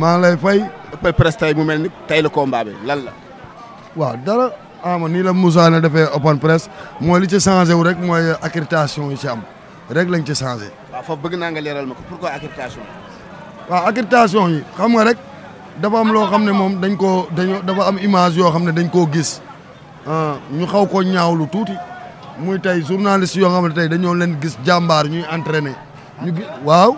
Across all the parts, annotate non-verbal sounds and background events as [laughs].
maa lay fay. presse tey mu mel ni tey la combat bi lan la. waaw dara ama ah, nii la Moussa ne dafee open presse mooy li ci changé wu rek mooy accréditation yi ci am rek lañ ci changé. waaw foofu bëgg naa leeral ma ko pourquoi accréditation waaw accréditation yi xam nga rek dafa am loo xam ne moom dañ koo dañ dafa am image yoo xam ne dañ koo gis ah, ñu xaw ko ñaawlu tuuti muy tey journaliste yoo xam ne tey dañoo leen gis jàmbaar ñuy entraîné ñu waaw.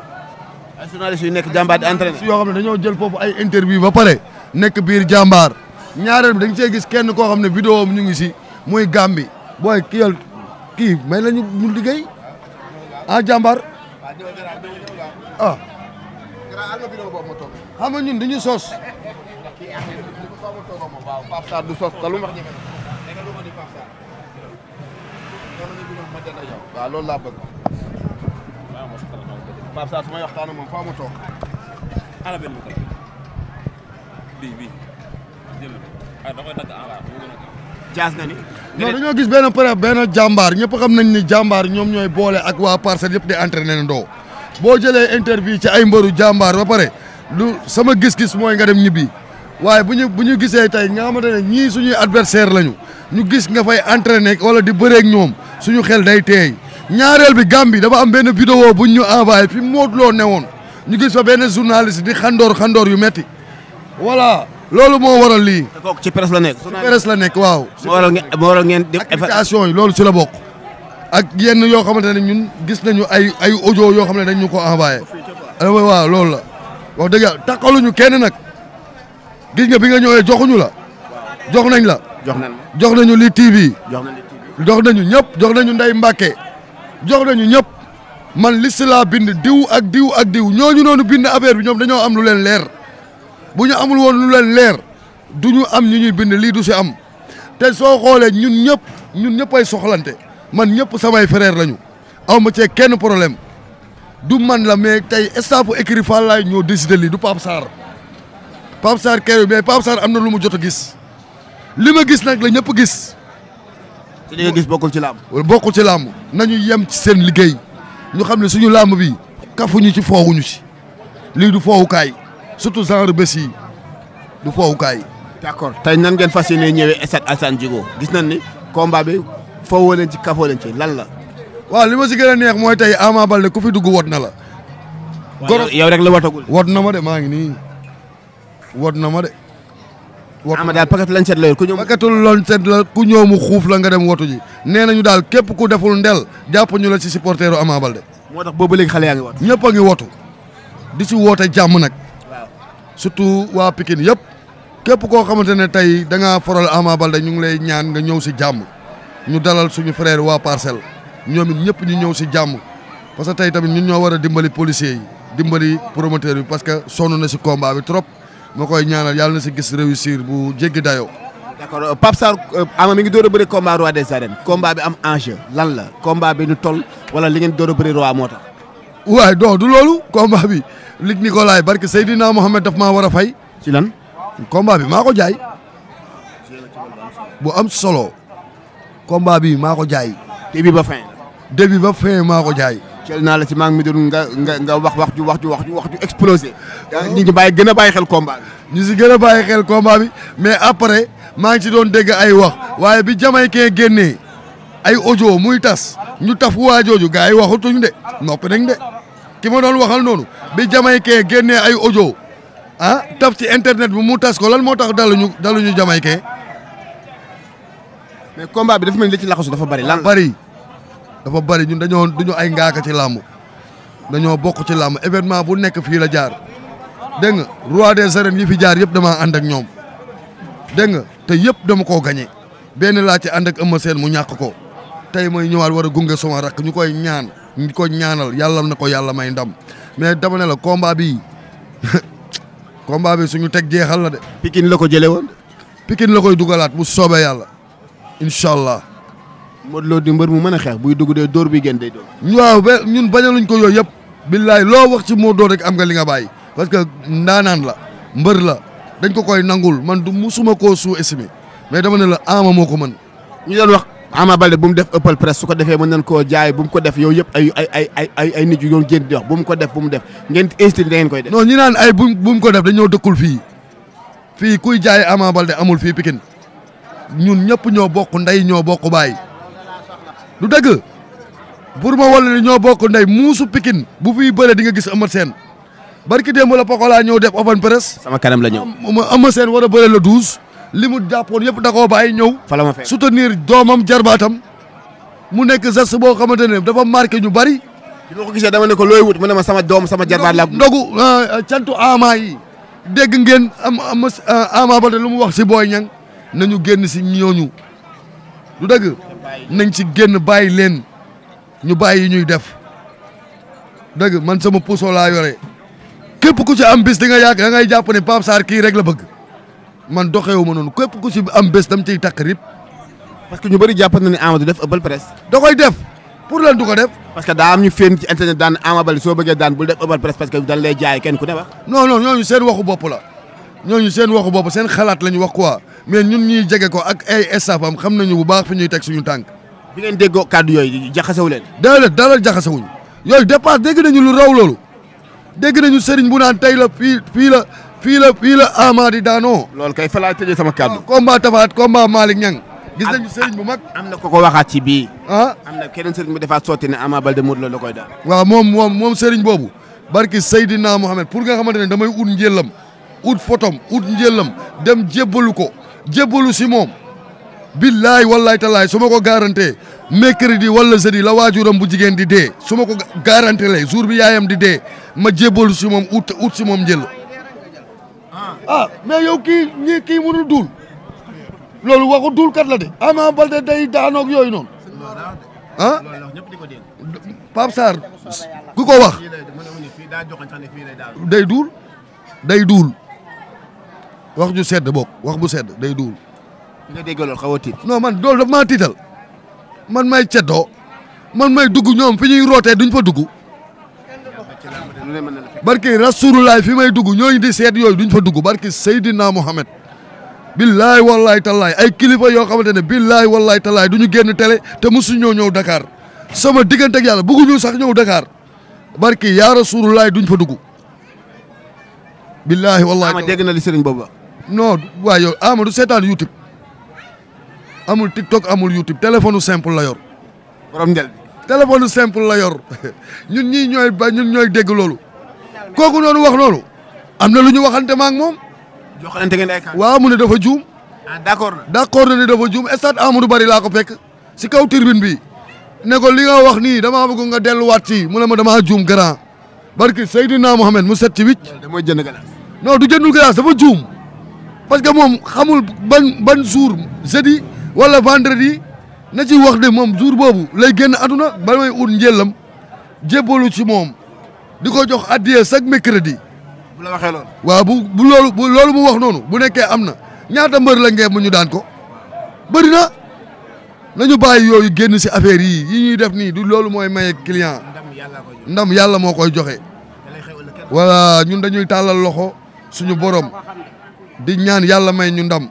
ay nekk jàmbaar di entraîné. si yoo xam ne dañoo jël foofu ay interview ba pare nekk biir jàmbaar ñaareel bi da nga gis kenn koo xam ne vidéo am ñu ngi si muy Gàmbi booy ki kii may la mu ñu liggéey ah jàmbaar ah. xam nga ñun dañu sos. waaw loolu laa bëgg. Pape Sarr su may waxtaan moom faaw toog. ala benn micro ah, ah, dañoo gis benn pré benn jàmbaar ñëpp xam nañ ni jàmbaar ñoom ñooy boole ak waa parcelle yëpp di na ndoo boo jëlee interview ci ay mbëru jàmbaar ba pare lu sama gis-gis mooy nga dem ñibbi waaye bu ñu ñu gisee tey nga xamante ne ñii suñuy adversaire lañu ñu gis nga fay entraîné wala di bëreek ñoom suñu xel day teey ñaareel bi Gambie dama am benn vidéo buñ ñu envoyé fi Modou Lo newoon ñu gis fa benn journaliste di xandoor xandoor yu metti voilà loolu moo waral lii. kooku ci presse la nekk. ci presse la nekk waaw. moo waral ngeen moo waral ngeen yi loolu ci la bokk. ak yenn yoo xamante ne ñun gis nañu ay ay audio yoo xam ne dañ ñu ko envoyé. Eh waaw loolu la wax dëgg yàlla takkaluñu kenn nag gis nga bi nga ñëwee joxuñu la jox nañ la. jox nañ jox nañu li TV. jox nañu ñëpp jox nañu nday mbake jox nañu ñëpp man liste laa bind diw ak diw ak diw ñooñu noonu bind affaire bi ñoom dañoo am lu leen leer bu ñu amul woon lu leen leer du ñu am ñu ñuy bind lii du si am te soo xoolee ñun ñëpp ñun ñëpp ay soxlante man ñëpp samay frère lañu aw ma cee kenn problème du man la mais tey staffu écrit Fallaye ñoo décidé lii du Pape Sarr Pape Sarr keroog mais Pape Sarr am na lu mu jot a gis li ma gis nag la ñëpp gis. te li nga gis bokkul ci làmb. wala bokkul ci làmb yem ci seen liggéey ñu xam ne suñu làmb bi kafuñu ci foowuñu ci lii du foowukaay surtout genre bés yi du foowukaay. d'accord tey nan ngeen fas yéenee ñëwee stade Alassane Djigo gis nañ ni combat bi foowoo ci kafoo leen ci lan la. waaw li ma si gën a neex mooy tey Ama Baldé ku fi dugg wot na la. goro yow rek la watagul. wot na ma de maa ngi nii wot na ma de. ama daal paquetu lañ set la yor ku ñëw. paquetu lañ la mu xuuf la nga dem wotu ji nee nañu daal képp ku deful ndel jàpp ñu la ci supporteru Ama Baldé. moo tax boobu léegi xale yaa ngi wotu. ñëpp a ngi wotu di ci woote jàmm nag. surtout waa Pikine yëpp. képp koo xamante ne tey da ngaa foral Ama Baldé ñu ngi lay ñaan nga ñëw si jàmm ñu dalal suñu frère waa parcelle ñoom ñëpp ñu ñëw si jàmm parce que tey tamit ñun ñoo war a dimbali policiers yi dimbali promoteur bi parce que sonn na ci combat bi trop. ma koy ñaanal yàlla na si gis réussir bu jéggi dayoo. d' accord euh, euh, ama mi ngi door a bëri combat roi des arènes bi am enjeu lan la combat bi ñu toll wala li ngeen door a roi moo tax. waaye doo du loolu combat bi lig Nicolas barke Seydina Mohamed daf maa war a fay. ci lan combat bi maa ko jaay. bu am solo. combat bi maa ko jaay. début ba fin. maa ko jaay. jël naa la ci maa mi mi nga nga nga wax wax ju wax ju wax ju wax ju explosé. ñu ngi bàyyi gën a bàyyi xel combat ñu si gën a bàyyi xel combat bi mais après maa ngi ci doon dégg ay wax waaye bi jamaïcain génnee ay audio muy tas ñu taf waa jooju gars yi waxatuñ de noppi nañ de ki ma doon waxal noonu bi jamaïcain génnee ay audio ah taf ci internet bi mu tas ko lan moo tax daluñu daluñu jamaïcain mais combat bi dafa mel ni li ci laxasu dafa bari lan bari. dafa bari ñun dañoo duñu ay ngaaka ci làmb dañoo bokk ci làmb événement bu nekk fii la jaar dégg nga roi de arènes yi fi jaar yëpp damaa ànd ak ñoom dégg nga te yëpp dama ko gañe benn laa ci ànd ak Eumeu mu ñàkk ko tey mooy ñëwaat war a gunge sama rakk ñu koy ñaan ñu ko ñaanal yàlla na ko yàlla may ndam mais dama ne la combat bi [laughs] combat bi suñu teg jeexal la de. Pikine la ko jëlee woon. Pikine la koy dugalaat bu soobee yàlla incha allah. Modou Lo di mbër mu mën a xeex buy dugg dee door bi gën day dóor. waaw ba ñun bañaluñ ko yooyu yëpp. billaay loo wax ci moo Lo rek am nga li nga bàyyi parce que ndaanaan la mbër la dañ ko koy nangul man du musuma koo sous-estimer mais dama ne la Ama moo ko mën. ñu doon wax Ama Baldé bu mu def ëppal presse su ko defee mën nañ koo jaay bu mu ko def yow yëpp ay ay ay nit yu doon génn di wax bu mu ko def bu mu def ngeen insisté da ngeen koy def. non ñu naan ay bu bu mu ko def dañoo dëkkul fii fii kuy jaay Ama Baldé amul fii Pikine ñun ñëpp ñoo bokk ndey ñoo bokk baay du dagg pour ma wala ni ñoo bokk ndey muusu pikin bu fiy bëre di nga gis Eumeu Sène barki démb la Pokola ñëw def open press. sama kanam la ñëw Eumeu Sène war a bëre le douze. li mu jàppoon yëpp da koo bàyyi ñëw. fa ma fekk soutenir doomam jarbaatam mu nekk geste boo xamante ne dafa marqué ñu bari. bi ko gisee dama ne ko looy wut mu ne ma sama doom sama jarbaat la. ndogu ah, cantu ama yi dégg ngeen am am ama ba lu mu wax si booy ñang nañu génn si ñooñu du dagg nañ ci génn bàyyi leen ñu bàyyi ñuy def dëgg man sama puso laa yore képp ku ci am bis nga yàgg da ngay jàpp ne Pape Sarr kii rek la bëgg man doxewu ma noonu képp ku ci am bés dam ciy rib parce ñu bëri jàpp Ama du def ëppal presse. da def pour lan du def. parce que am ñu féen ci internet daan Ama Baldé soo bëggee daan bul def ëppal presse parce que dañ lay jaay kenn ku ne wax. non non ñooñu seen waxu bopp la. ñooñu seen waxu boobu seen xalaat la ñu wax quoi mais ñun ñuy jege ko ak ay staff am xam nañu bu baax fi ñuy teg suñu tànk. bi ngeen déggoo kàddu yooyu jaxasewu leen. déedéet dara jaxasewuñu yooyu dépasse dégg nañu lu raw loolu dégg nañu sëriñ bu naan tey la fii fii la fii la fii la Amady daanoo. loolu kay fa laa tëjee sama kàddu. combat Tafaat combat Malick Niang. gis nañu sëriñ bu mag am na ko ko waxaat ci bii. ah am na keneen sëriñ bu defaat sotti ne Ama Baldé Modou Lô la koy daal. waaw moom moom moom sëriñ boobu barki Seydina Mohamed pour nga xamante ne damay ut njëllam ut fotom ut njëllam dem jébbalu ko jébbalu si moom billaay wallaay talaay su ma ko garante mercredi wala jeudi la waajuram bu jigéen di dee su ma ko garante lay jour bi yaayam di dee ma jébbalu si moom ut ut si moom njël a ah, ah, mais yow kii ñi kii mënul duul loolu waxu duul kat la de Ama Baldé day daanoog yooyu noonu ah Pape Sarr ku ko wax day duul day duul wax ju sedd bokk wax bu sedd day duul. nga dégg xaw a tiit. man loolu daf maa tiital man may ceddoo man may dugg ñoom fi ñuy rootee duñu fa dugg. barki rasulullah fi may dugg ñooñu di seet yooyu duñ fa dugg barki Seydina Mohamed. billaay wallaay tallaay ay kilifa yoo xamante ne billaay wallaay tallaay du ñu génn télé te mosu ñoo ñëw Dakar sama diggante ak yàlla bëgguñu sax ñëw Dakar barki yaa rasulullah duñ fa duggu dugg. billaay wallaay tallaay dégg na li sëriñ boobu non waaye yow Amadou seetaan YouTube amul TikTok amul YouTube téléphone simple la yor. borom njël téléphone simple la yor [laughs] ñun ñii ñooy ba ñun ñooy dégg kooku noonu wax loolu. am na lu ñu waxante ma ak moom. joxante ngeen ay waaw mu ne dafa juum. ah d' accord d' accord na ne dafa juum stade Amadou bari laa ko fekk si kaw tribune bi ne ko li nga wax nii damaa bëgg nga delluwaat ci mu ne ma damaa juum grand barki Seydina Mohamed mu set ci wicc. damay jënd glace. non du jëndul sa dafa juum. parce que moom xamul ban ban jour jeudi wala vendredi na ci wax de moom jour boobu lay génn aduna ba may ut njëllam jébbalu ci moom di ko jox addiya chaque mercredi. bu la waxee loolu. waaw bu bu loolu loolu mu wax noonu bu nekkee am na ñaata mbër la ngeen mu ñu daan ko bëri na nañu bàyyi yooyu génn si affaire yii yi ñuy def nii di loolu mooy maye client ndam yàlla moo koy joxe. wala ñun dañuy tàllal loxo suñu borom. di ñaan yàlla ma ñu ndam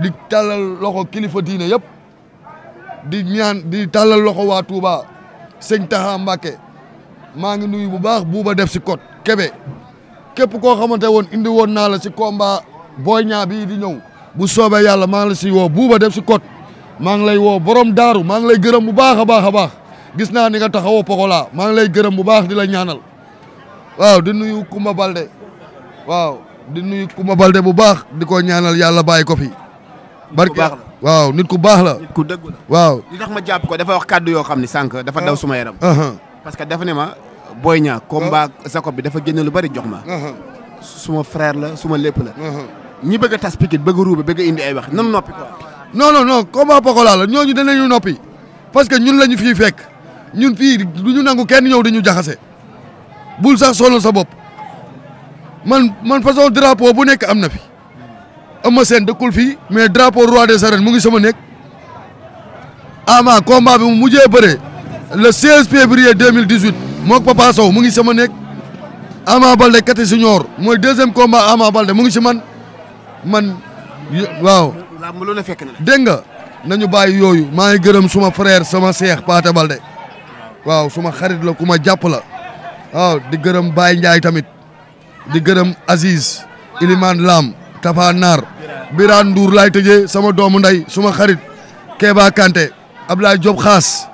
di tàllal loxo kilifa diina yëpp di ñaan di tàllal loxo waa Touba sëñ Taxa Mbàkke maa ngi nuyu bu baax buuba def si kot Kébé képp koo xamante woon indi woon naa la si combat boo Niang bii di ñëw bu soobee yàlla maa ngi la si woo buuba def si kot maa ngi lay woo borom daaru maa ngi lay gërëm bu baax a baax a baax gis naa ni nga taxawoo maa ngi lay gërëm bu baax di la ñaanal waaw di nuyu Kumba Balde waaw di nuyu Kumba Balde bu baax di ko ñaanal yàlla bàyyi ko fi. barke waaw nit ku baax la. nit ku dëgg la waaw. li tax ma jàpp ko dafa wax kàddu yoo xam ne sànq dafa daw ah. suma yaram. parce que dafa ne ma Boy Niang combat Jacob ah. bi dafa génn lu bari jox ma. suma frère la suma lépp la. ñi bëgg a tas pikit ba a ruube bëgg a indi ay wax nan noppi quoi. non koom non combat Pokola dana ñooñu noppi parce que ñun ñu fii fekk ñun fii du ñu nangu kenn ñëw di ñu jaxase bul sax sonal sa bopp. man man façon drapo bu nekk am na fi Eumeu Sène dëkkul fii mais drapeau roi des arènes mu ngi sama nekk ama combat bi mu mujjee bëre le 16 février 2018 mook Papa Sow mu ngi sama nekk Ama Balde kati senior mooy deuxième combat Ama Balde mu ngi si man man waaw. dégg nga nañu bàyyi yooyu maa ngi gërëm suma frère sama seex Paate Balde waaw suma xarit la ku ma jàpp la waaw di gërëm Baye Ndiaye tamit. di gërëm Aziz Ilimane Lam Tafa Naar Birane nduur laay tëjee sama doomu nday suma xarit Keba Kanté Ablaye Diop Xaas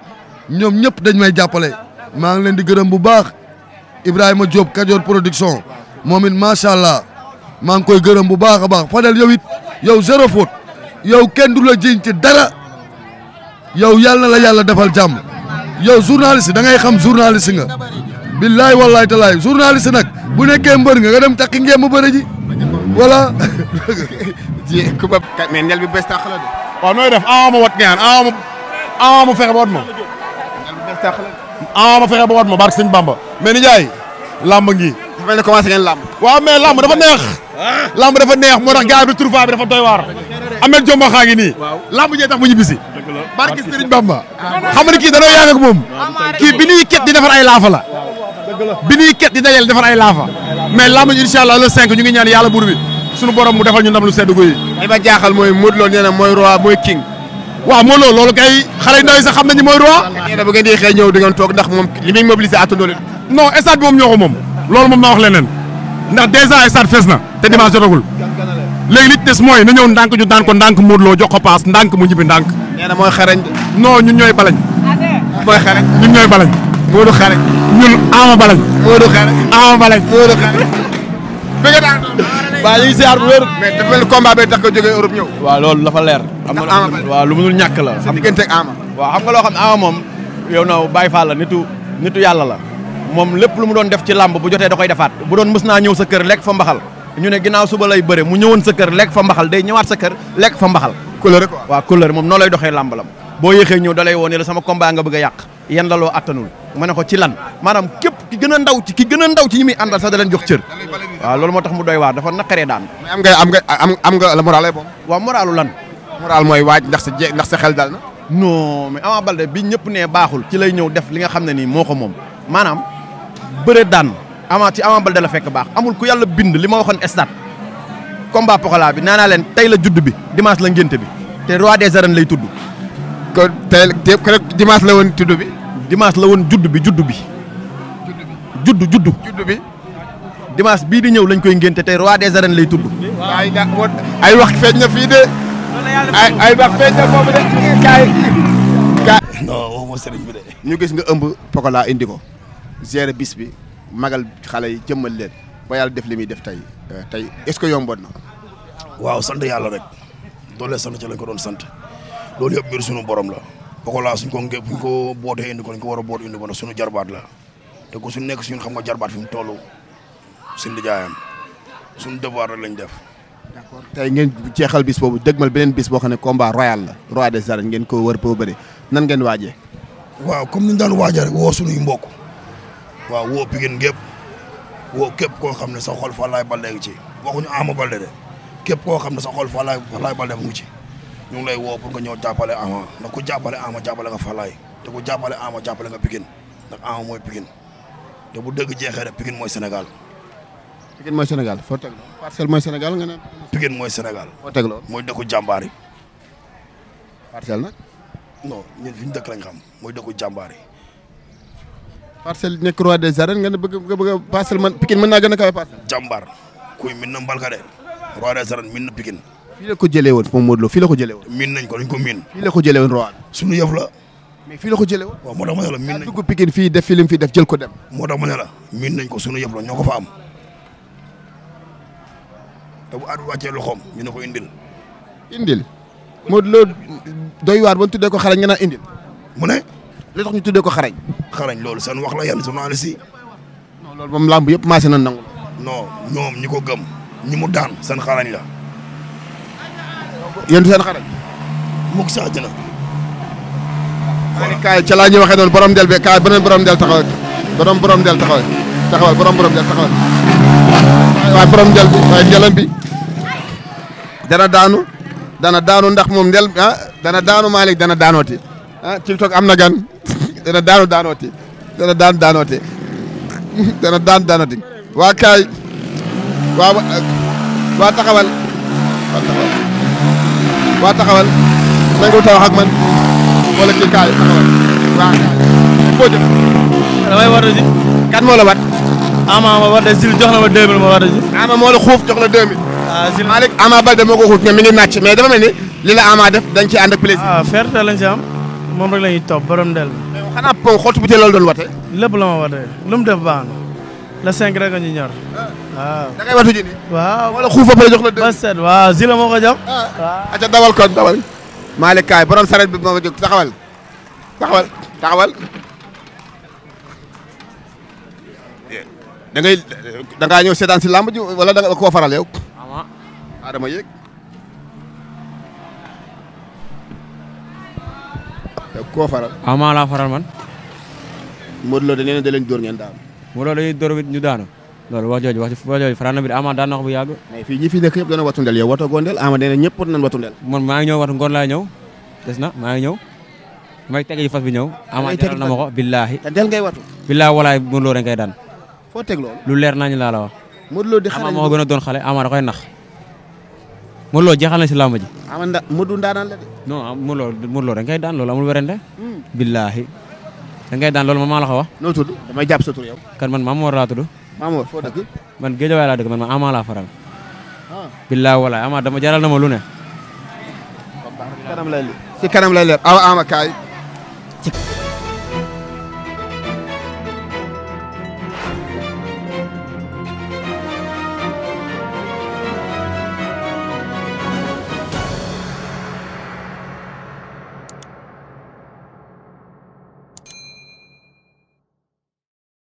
ñoom ñëpp dañ may jàppale maa ngi leen di gërëm bu baax Ibrahima Diop Kajoor production moom it macha allah maa ngi koy gërëm bu baax a baax Fadel yow it yow zéro faute yow kenn du la jiñ ci dara yow yàlla na la yàlla defal jàmm yow journaliste da ngay xam journaliste nga. billaay wallaay talaay journaliste nag bu nekkee mbër nga nga dem takki ngeen mu bëri ji voilà. ji [laughs] ku ba. mais ñel bi bees tàq nooy def ah ma wat ngeen ah ma ah ma fexe ba wat ma. ñel bi bees ba wat ma barke sëñ Bamba. mais ni Ndiaye. làmb ngi. dafa mel ni commencé ngeen làmb. waaw mais làmb dafa neex. Ah. làmb dafa neex moo tax gars bi trouvaille bi dafa doy waar. Ameth Diomba xaa ngi nii. waaw làmb jee tax mu ñibbisi. barke sëriñ Bamba. xam nga ni kii danoo yàgg ak moom. kii bi ñuy di defar ay laafa la. bi ñuy ket di dajale laafa mais lamb ji incha allah ñu ngi ñaan yàlla buur bi suñu borom mu defal ñu ndam lu sedd guy. li ma jaaxal mooy Modou Lo nee na mooy roi mooy king. waaw moo loolu loolu kay xale ndaw yi xam nañu mooy roi. nee na bu ngeen di xëy ñëw di ngeen toog ndax moom li muy mobiliser attandoo leen. bi moom ñoo ko moom. loolu moom naa wax leneen ndax dèjà stade fees na te dimanche jotagul léegi li ci mooy na ñëw ndànk ñu ko ndànk Modou Lo jox paas ndànk mu ñibbi ndànk. nee ñun ñun Ama Baldé. Modou Xarañ Ama Baldé Modou Xarañ. bëgg naa ñëw. waaw loolu dafa leer. am na Ama Baldé waaw lu mënul ñàkk la. sa diggante ak Ama. waaw xam nga loo xam Ama moom yow na Baye Fall la nitu nitu yàlla la moom lépp lu mu doon def ci làmb bu jotee da koy defaat bu doon mës naa ñëw sa kër lekk fa mbaxal ñu ne ginaaw suba lay bëre mu ñëwoon sa kër lekk fa mbaxal day ñëwaat sa kër lekk fa mbaxal couleur quoi waaw couleur moom noo lay doxee làmb lam boo yéexee ñëw da lay woo ne la sama combat nga bëgg a yàq yan la loo attanul ma ne ko ci lan maanaam képp ki gën a ndaw ci ki gën a ndaw ci ñi muy àndal sa da leen jox cër waaw loolu moo tax mu doy waa dafa naqaree daan. mais am nga am nga am nga la moral boobu. waaw moralu lan. moral mooy waaj ndax sa je ndax sa xel dal na. non mais Ama Baldé bi ñëpp nee baaxul. ci lay ñëw def li nga xam ne nii moo ko moom maanaam bëre daan ama ci Ama la fekk baax amul ku yàlla bind li ma waxoon stade combat Pokola bi nee naa leen tey la judd bi dimanche la ngénte bi te roi des arènes lay tudd. kon tey dimanche la woon tudd bi. dimanche la woon judd bi judd bi. judd bi judd bii di ñëw lañ koy ngénte tey roi de arènes lay tudd. ay wax feeñ na fii de. ay wax feeñ na foofu de ñu gis nga ëmb Pokola indi ko. gérer bis bi magal xale yi jëmmal leen ba yàlla def li muy def tey eh, tey est-ce que yomboon na. waaw sant yàlla rek doole sant ca lañ ko doon sant. loolu yëpp mbir sunu borom la Pokola suñ ko ngeen buñ ko bootee indi ko ñu ko war a boot indi ko nag sunu jarbaat la te ku suñ nekk suñu xam nga jarbaat fi mu toll suñ lijaayam suñ devoir rek lañ def. d'accord tey ngeen jeexal bis boobu dëgmal beneen bis boo xam ne combat royal la roi des arènes ngeen ko wër pour bëri nan ngeen waaje waaw comme ni ñu daan waajee woo suñuy mbokk waaw woo Pikine gépp woo képp koo xam ne sa xol Falaye Baldé ngi ci waxuñu Ama Baldé de képp koo xam ne sa xol Falaye Falaye Baldé mu ci. ñu ngi lay woo pour nga ñëw jàppale Ama ndax ku jàppale Ama jàppale nga Falaay te ku jàppale Ama jàppale nga Pikine ndax Ama mooy Pikine te bu dëgg jeexee rek Pikine mooy Sénégal. Pikine mooy Sénégal foo teg loolu parcelle mooy Sénégal nga ne. Pikine mooy Sénégal. foo teg loolu mooy dëkku jàmbaar yi. nag. non ñun fi ñu dëkk lañ xam mooy dëkku jàmbaar yi. parcelle nekk roi des arènes nga ne bëgg nga bëgg a parcelle man naa gën a kawe parcelle. jàmbaar kuy min na mbalka de roi des arènes min na Pikine fii la ko jëlee woon moom Modou Lo fii la ko jëlee woon. miin nañ ko dañ ko miin. fii la ko jëlee woon Roan. suñu yëf mais fii la ko jëlee woon. waaw moo tax ma ne miin nañ ko dugg Pikine fii fi lim fi ko dem. moo tax ma ne la miin nañ ko suñu yëf la ñoo ko fa te bu àdduna wàccee loxoom ñu ne ko indil. indil Modou Lo doy waar ba ñu tuddee ko xarañ nga naan indil. mu ne. li tax ñu tuddee ko xarañ. xarañ loolu seen wax la yàlla sunu si. non loolu moom làmb yëpp maase na nangu. noo ñoom ñi ko gëm ñu mu daan seen xarañ la yéen du seen xarit. mukk si àjjana. waaw kaay ca laa ñuy waxee noonu borom del be kaay beneen borom del taxawal borom borom del taxawal taxawal borom borom del taxawal waaye borom del bi waaye ndelam bi dana daanu dana daanu ndax moom ndel ah dana daanu Malick dana daanooti ah TikTok am na gan [laughs] dana daanu daanooti dana daan daanooti [laughs] dana daan daanooti waa kaay waa waa taxawal waa taxawal. waa taxawal nangu taw ak man wala kii kaay taxawal waaw kaay war a ji. kan moo la wat. ama war a jox na ma 2000 war ji. ama moo la xuuf jox la 2000. ah Zil Malick Ama Balde moo ko xuuf ñoom mi ngi mais dafa mel ni li la Ama def dañ ci ànd ak plaisir. ah fierté lañ ci am moom rek la ñuy topp borom del. xanaa po xottu bi te lépp la ma wate lu mu def baax la 5 rek ñu ñor. Ah. waaw da ngay watu wala xuuf ba jox la. ba set waaw zila moo ko ah. aca dawal kon dawal. Malick Kaay borom saret bi moo ko jóg taxawal taxawal taxawal. da ngay da ngaa ñëw seetaan si làmb ji wala da nga koo faral yow. waaw. laa faral man. Modou Lo dañu ne da leen ngeen daanu. Modou Lo dañuy dóor ñu daanu. loolu wax jooju wax wax jooju faral na bi Ama daan na wax bu yàgg. mais fii ñi fi nekk doon watu ndel yow watu gondel man maa ñëw watu ngoon laa ñëw des na maa ngi ñëw may teg fas bi ñëw. Ama tegal na ma ko billaahi. te del ngay watu. billaahi walaay Modou Lo lu leer nañu laa la wax. Modou Lo di moo gën a doon xale Ama da koy nax. Modou Lo jeexal na si làmb ji. Ama nda Modou ndaanaan la de. non ah, Modou Lo ngay daan loolu amul werante. Hmm. billaahi da ngay daan loolu ma maa la ko wax. noo tudd jàpp sa yow. kan man Mame Mor laa tudd Maamour foo dëkk. man Géejawaay laa dëkk man Ama laa faral. Ah. billaa walaay Ama dama jaral na ma lu ne. kanam lay leer awa Ama kaay.